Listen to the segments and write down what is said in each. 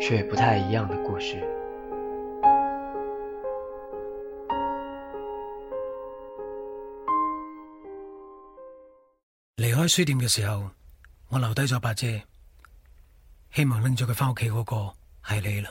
卻不太一樣的故事。離開書店嘅時候，我留低咗把遮，希望拎咗佢返屋企嗰個係你啦。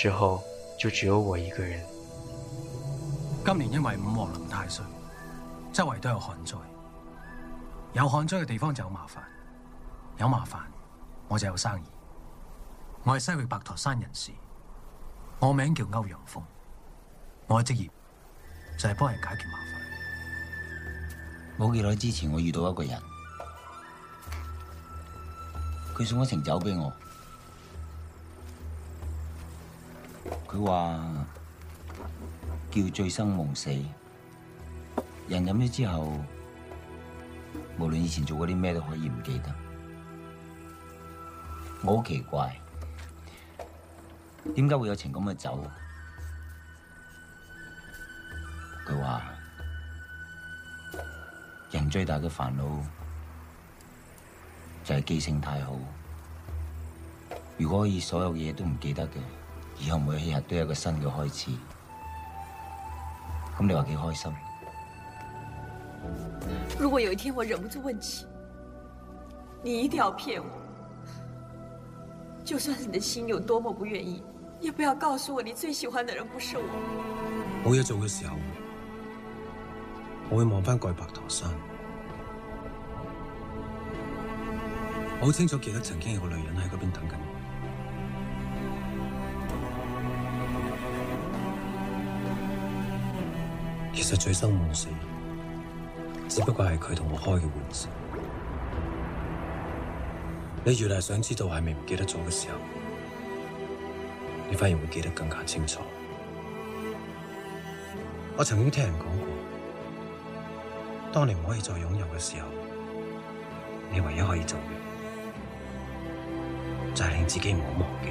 之後就只有我一個人。今年因為五黃臨太歲，周圍都有旱災，有旱災嘅地方就有麻煩，有麻煩我就有生意。我係西域白駝山人士，我名叫歐陽鋒，我嘅職業就係幫人解決麻煩。冇幾耐之前，我遇到一個人，佢送咗瓶酒俾我。佢話叫醉生夢死，人飲咗之後，無論以前做過啲咩都可以唔記得。我好奇怪，點解會有情咁嘅酒？佢話人最大嘅煩惱就係記性太好，如果可以所有嘢都唔記得嘅。以後每一日都有一個新嘅開始，咁你話幾開心？如果有一天我忍不住問起，你一定要騙我，就算你的心有多麼不願意，也不要告訴我你最喜歡的人不是我。冇嘢做嘅時候，我會望翻蓋白頭山，我好清楚記得曾經有個女人喺嗰邊等緊。其實醉生夢死，只不過係佢同我開嘅玩笑。你越係想知道係咪唔記得咗嘅時候，你反而會記得更加清楚。我曾經聽人講過，當你唔可以再擁有嘅時候，你唯一可以做嘅，就係令自己唔好忘記。